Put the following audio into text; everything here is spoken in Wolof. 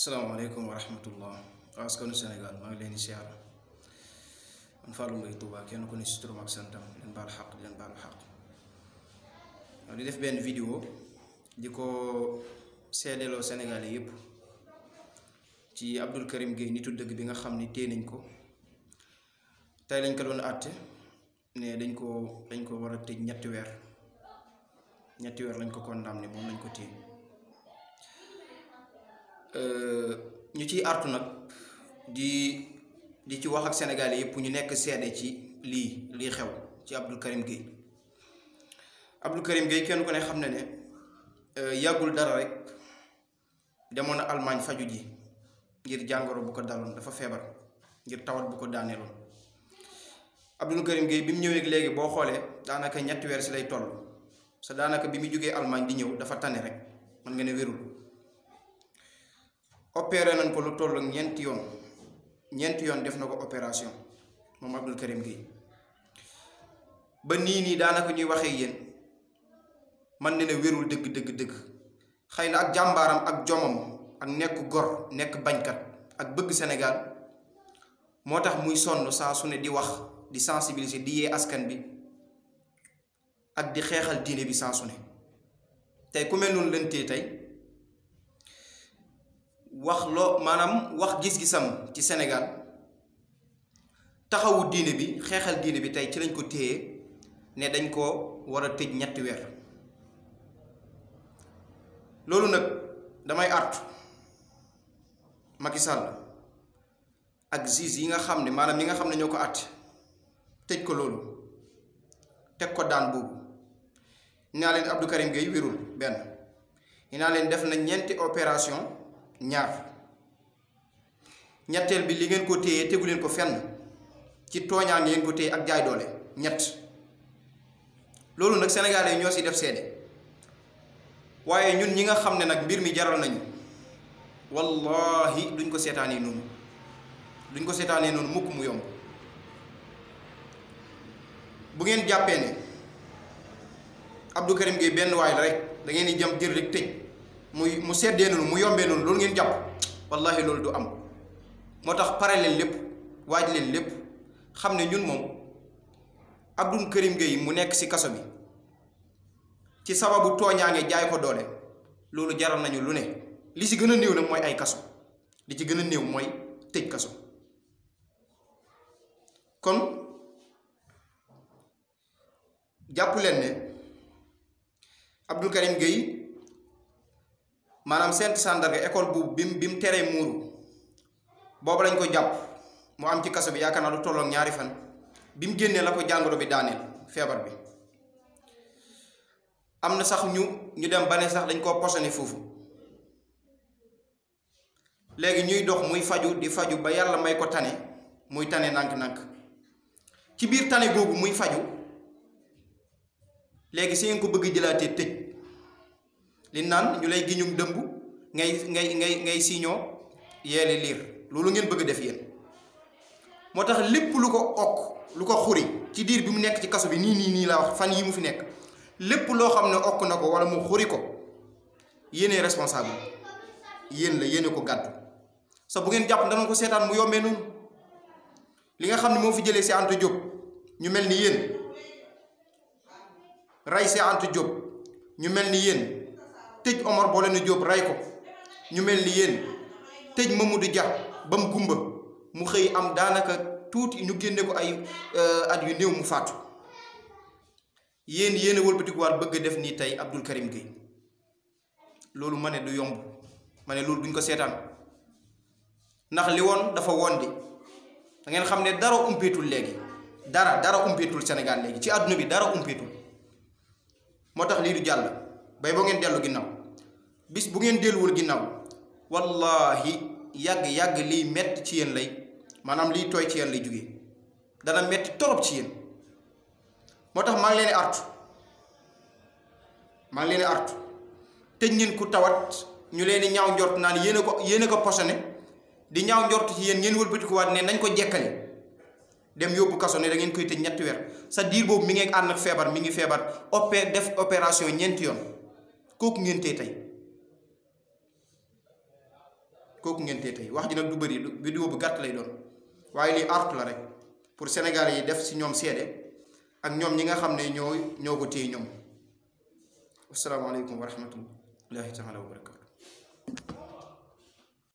Assalamualaikum warahmatullah wabarakatuh. askanu senegal maa ngi leen di siyaar man Fallou Mbaye Touba ko ku ne si turam santam leen baal xaq leen baal xaq di def ben video di sédélo Sénégalais yépp ci Abdou Karim Gueye nitu deug bi nga xamni ni nañ ko tay lañ ko don atté né dañ ko dañ ko wara tej ñetti weer ñetti weer lañ ko condamné moom lañ ko téye Euh, ñu ciy artu nag di di ci wax ak Sénégalais yëpp ñu nekk seede ci lii lii xew ci Abdou Karim Gueye Abdou Karim Gueye kenn ku ne xam ne ne euh, yàggul dara rek demoon a Allemagne faju ji ngir jàngoro bu ko daloon dafa feebar ngir tawat bu ko daaneeloon Abdou Karim Gueye bi mu ñëweek léegi boo xoolee daanaka ñetti weer si lay toll sa daanaka bi mu jógee Allemagne di ñëw dafa tane rek mën nga ne wérul opéré nañ ko lu toll ñeenti yoon ñeenti yoon def na ko opération moom Abdou Karim Gueye ba nii nii daanaka ñuy waxee yéen man na ne wérul dëgg dëgg dëgg xëy na ak jàmbaaram ak jomam ak nekk gor nekk bañkat ak bëgg senegal moo tax muy sonn saa su ne di wax di sensibiliser di yee askan bi ak di xeexal diine bi saa su ne tey ku mel noonu lëntee tey wax loo maanaam wax gis-gisam ci senegal taxawu diine bi xeexal diine bi tey ci lañ ko téye ne dañ ko war a tëj ñetti weer loolu nag damay artu Macky Sall ak juge yi nga xam ne maanaam ñi nga xam ne ñoo ko àtt tëj ko loolu teg ko daan boobu naa leen Abdou Karim Gueye wérul benn naa leen def na ñeenti opération ñaar ñetteel bi li ngeen ko téye tegu leen ko fenn ci tooñaan ngeen ko téye ak jaay doole ñett loolu nag sénégalais ñoo ci def seede waaye ñun ñi nga xam ne nag mbir mi jaral nañu wallahi duñ ko seetaanee noonu duñ ko seetaanee noonu mukk mu yomb bu ngeen jàppee ne Abdou Karim Gueye benn waay la rek dangeen ngeen di jëm jël rek tëj. muy mu seddee noonu mu yombee noonu loolu ngeen jàpp wallahi loolu du am moo tax pare leen lépp waaj leen lépp xam ne ñun moom Abdou Karim géey mu nekk ci kaso bi ci sababu tooñaange jaay ko doole loolu jaral nañu lu ne li ci gën a néew nag mooy ay kaso li ci gën a néew mooy tëj kaso kon jàpp leen ne Abdou Karim Gueye maanaam sandar ga école bu bim bim téré teree bobu lañ ko japp mu am ci kasso bi yakana lu tolok ñaari fan bim génné la ko jangoro bi daaneel feebar bi am sax ñu ñu dem bané sax dañ ko posone fofu légui ñuy dox muy faju di faju ba yalla may ko tané muy tané nank nank ci biir tané muy faju légui seen ko bëgg jëlaté li nan ñu lay giñum dëmb ngay ngay ngay ngay siñoo yeeli liir lolu ngeen bëgg def yeen motax lepp lu ko ok lu ko xuri ci diir bi mu nekk ci kasso bi ni ni ni la wax fan yi mu fi nekk lepp lo xamne ok nako wala mu xuri ko yene responsable yéen la yene ko gaddu sa bu ngeen jàpp dana ko seetaan mu yomé nun li nga xamne mo fi jëlé ci antu job ñu melni ray ci antu job ñu melni tëj Omar boo leen Jóob rey ko ñu mel ni yéen tëj mu du ba mu gumba mu xëy am daanaka tuuti ñu génne ko ay euh, at yu néew mu fàttu yéen yéen a wëlbatikuwaat bëgg def nii tey Abdou Karim Gueye loolu ma ne du yomb ma ne loolu duñ ko seetaan ndax li woon dafa woon di ngeen xam ne dara umpeetul léegi dara dara umpeetul Sénégal léegi ci àdduna bi dara umpeetul moo tax lii du jàll. bay bo ngeen delu ginnaw bis bu ngeen wul ginnaw wallahi yag yag li met ci yeen lay manam li toy ci yeen lay jógee dana met torop ci yeen motax ma ngi leen artu ma ngi leen artu tëj ngeen ku tawat ñu leen ñaaw ndort naan yéen ko yéen ko posone di ñaaw ndort ci yeen ngeen wat ne nañ ko jekkale dem yobbu kasso ne da ngeen koy tëj ñett wer sa dir bobu mi ngi and ak febar mi ngi febar opé def opération ñent yoon kooku ngeen tee tey kooku ngeen tee tey wax ji nag du bëri vidéo bu gàtt lay doon waaye lii artu la rek pour Sénégalais yi def ci ñoom seede ak ñoom ñi nga xam ne ñoo ñoo ko téye ñoom asalaamaaleykum wa rahmatullahi taala wa barakatu